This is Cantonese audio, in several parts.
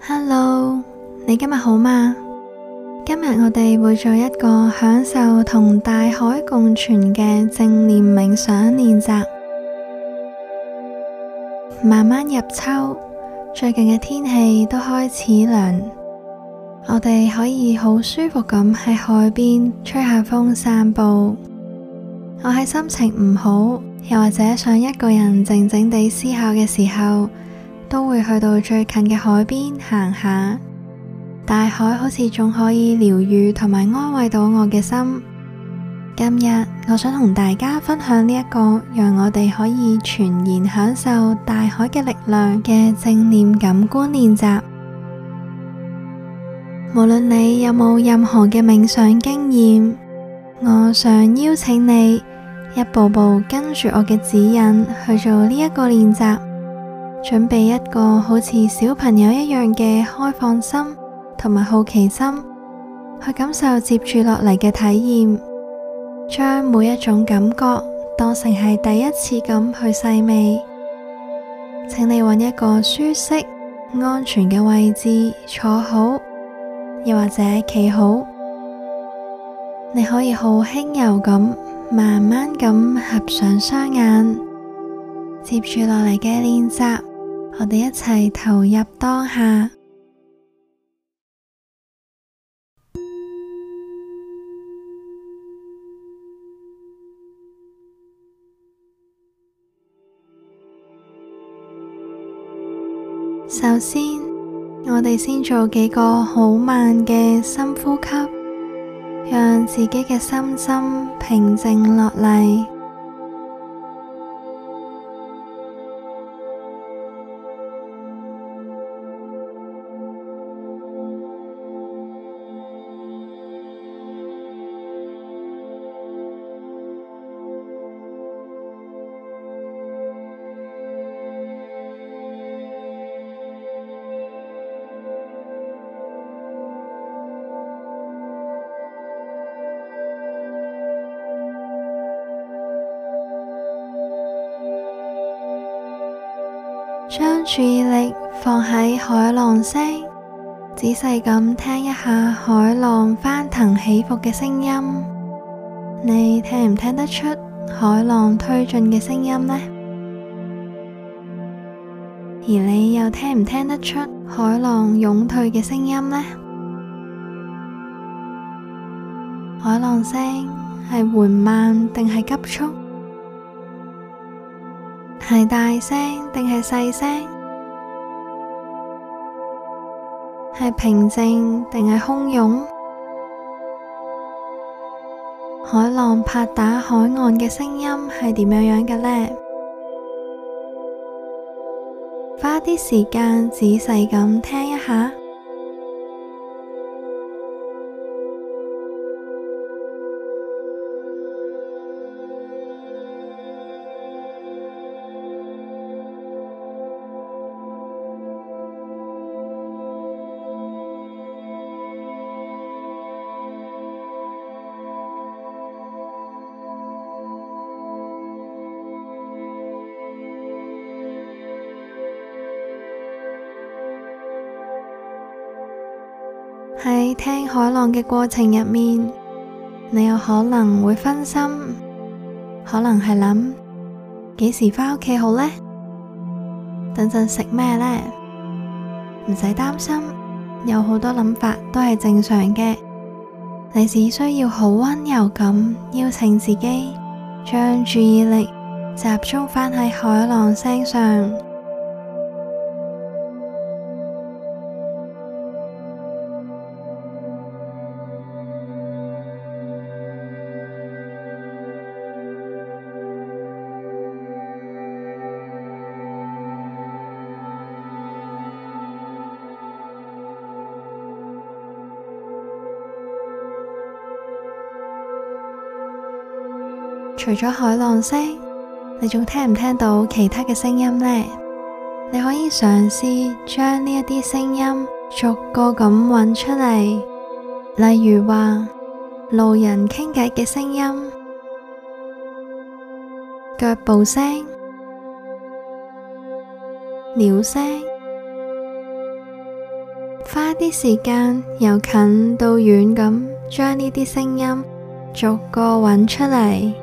Hello，你今日好嗎？今日我哋會做一個享受同大海共存嘅正念冥想練習。慢慢入秋，最近嘅天氣都開始涼，我哋可以好舒服咁喺海邊吹下風散步。我喺心情唔好，又或者想一個人靜靜地思考嘅時候。都會去到最近嘅海邊行下，大海好似仲可以療愈同埋安慰到我嘅心。今日我想同大家分享呢一個讓我哋可以全然享受大海嘅力量嘅正念感官練習。無論你有冇任何嘅冥想經驗，我想邀請你一步步跟住我嘅指引去做呢一個練習。準備一個好似小朋友一樣嘅開放心同埋好奇心，去感受接住落嚟嘅體驗，將每一種感覺當成係第一次咁去細味。請你搵一個舒適、安全嘅位置坐好，又或者企好。你可以好輕柔咁，慢慢咁合上雙眼，接住落嚟嘅練習。我哋一齊投入當下。首先，我哋先做幾個好慢嘅深呼吸，讓自己嘅身心平靜落嚟。將注意力放喺海浪聲，仔細咁聽一下海浪翻騰起伏嘅聲音，你聽唔聽得出海浪推進嘅聲音呢？而你又聽唔聽得出海浪湧退嘅聲音呢？海浪聲係緩慢定係急速？係大聲定係細聲？係平靜定係洶湧？海浪拍打海岸嘅聲音係點樣樣嘅呢？花啲時間仔細咁聽一下。喺聽海浪嘅過程入面，你有可能會分心，可能係諗幾時返屋企好呢？等陣食咩呢？唔使擔心，有好多諗法都係正常嘅。你只需要好溫柔咁邀請自己，將注意力集中返喺海浪聲上。除咗海浪聲，你仲聽唔聽到其他嘅聲音呢？你可以嘗試將呢一啲聲音逐個咁搵出嚟，例如話路人傾偈嘅聲音、腳步聲、鳥聲，花啲時間由近到遠咁將呢啲聲音逐個搵出嚟。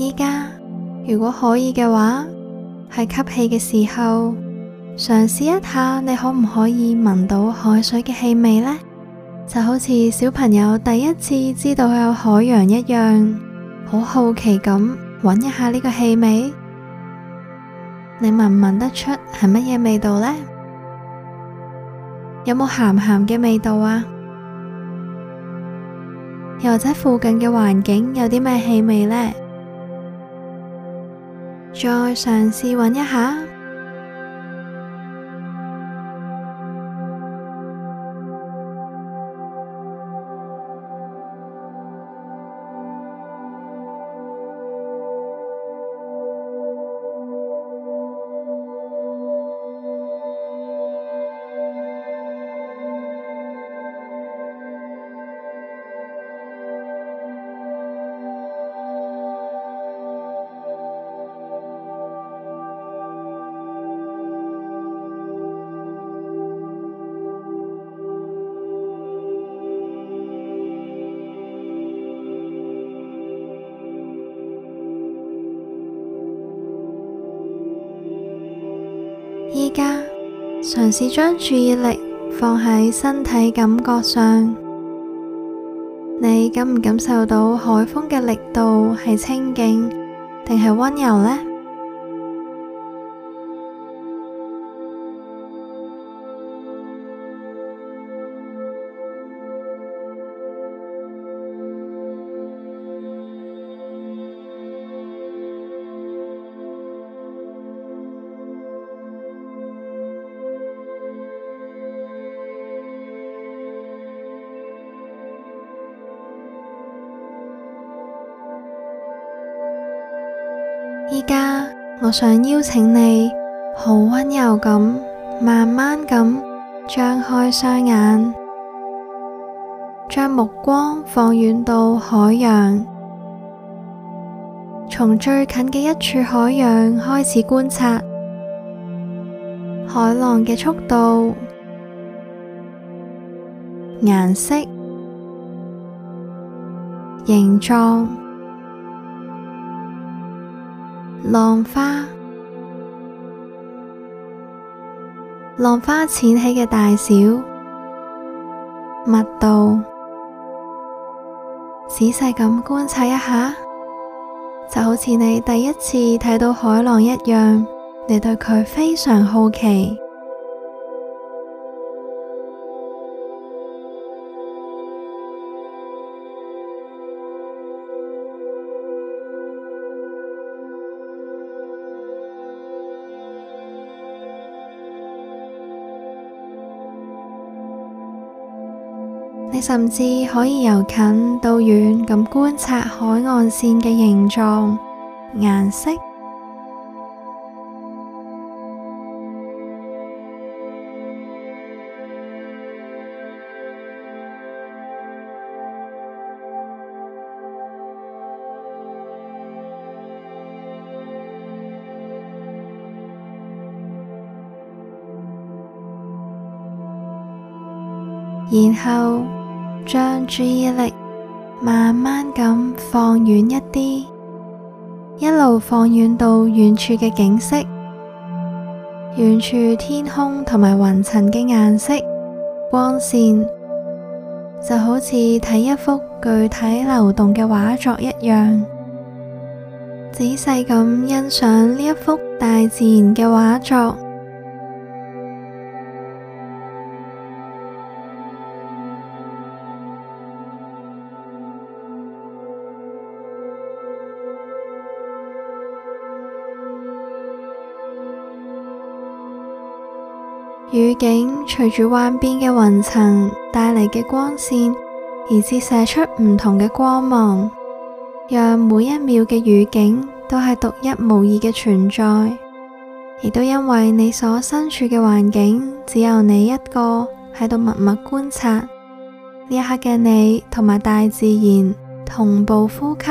依家如果可以嘅話，係吸氣嘅時候，嘗試一下你可唔可以聞到海水嘅氣味呢？就好似小朋友第一次知道有海洋一樣，好好奇咁揾一下呢個氣味，你聞唔聞得出係乜嘢味道呢？有冇鹹鹹嘅味道啊？又或者附近嘅環境有啲咩氣味呢？再嘗試揾一下。而家，嘗試將注意力放喺身體感覺上，你感唔感受到海風嘅力度係清勁，定係溫柔呢？而家，我想邀請你，好溫柔咁，慢慢咁張開雙眼，將目光放遠到海洋，從最近嘅一處海洋開始觀察海浪嘅速度、顏色、形狀。浪花，浪花濺起嘅大小、密度，仔細咁觀察一下，就好似你第一次睇到海浪一樣，你對佢非常好奇。你甚至可以由近到遠咁觀察海岸線嘅形狀、顏色，然後，將注意力慢慢咁放遠一啲，一路放遠到遠處嘅景色、遠處天空同埋雲層嘅顏色、光線，就好似睇一幅具體流動嘅畫作一樣，仔細咁欣賞呢一幅大自然嘅畫作。雨景隨住幻變嘅雲層帶嚟嘅光線而折射出唔同嘅光芒，讓每一秒嘅雨景都係獨一無二嘅存在。亦都因為你所身處嘅環境，只有你一個喺度默默觀察，呢一刻嘅你同埋大自然同步呼吸，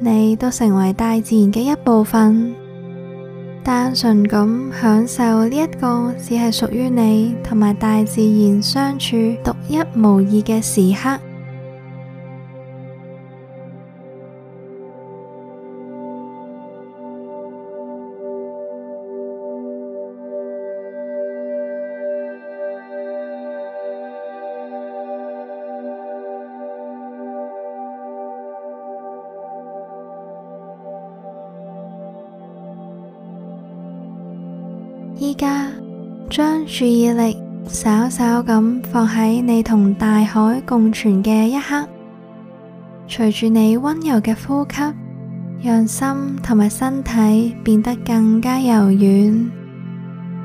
你都成為大自然嘅一部分。單純咁享受呢一個只係屬於你同埋大自然相處獨一無二嘅時刻。將注意力稍稍咁放喺你同大海共存嘅一刻，隨住你溫柔嘅呼吸，讓心同埋身體變得更加柔軟，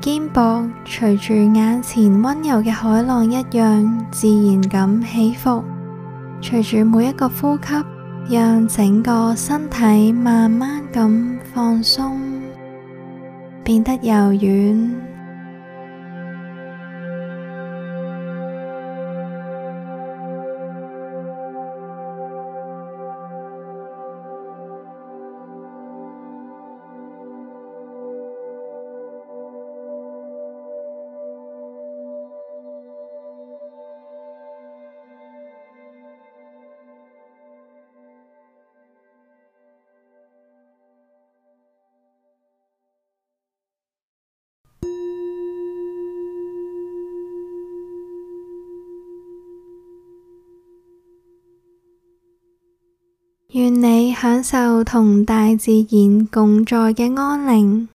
肩膊隨住眼前溫柔嘅海浪一樣自然咁起伏，隨住每一個呼吸，讓整個身體慢慢咁放鬆。變得柔軟。願你享受同大自然共在嘅安寧。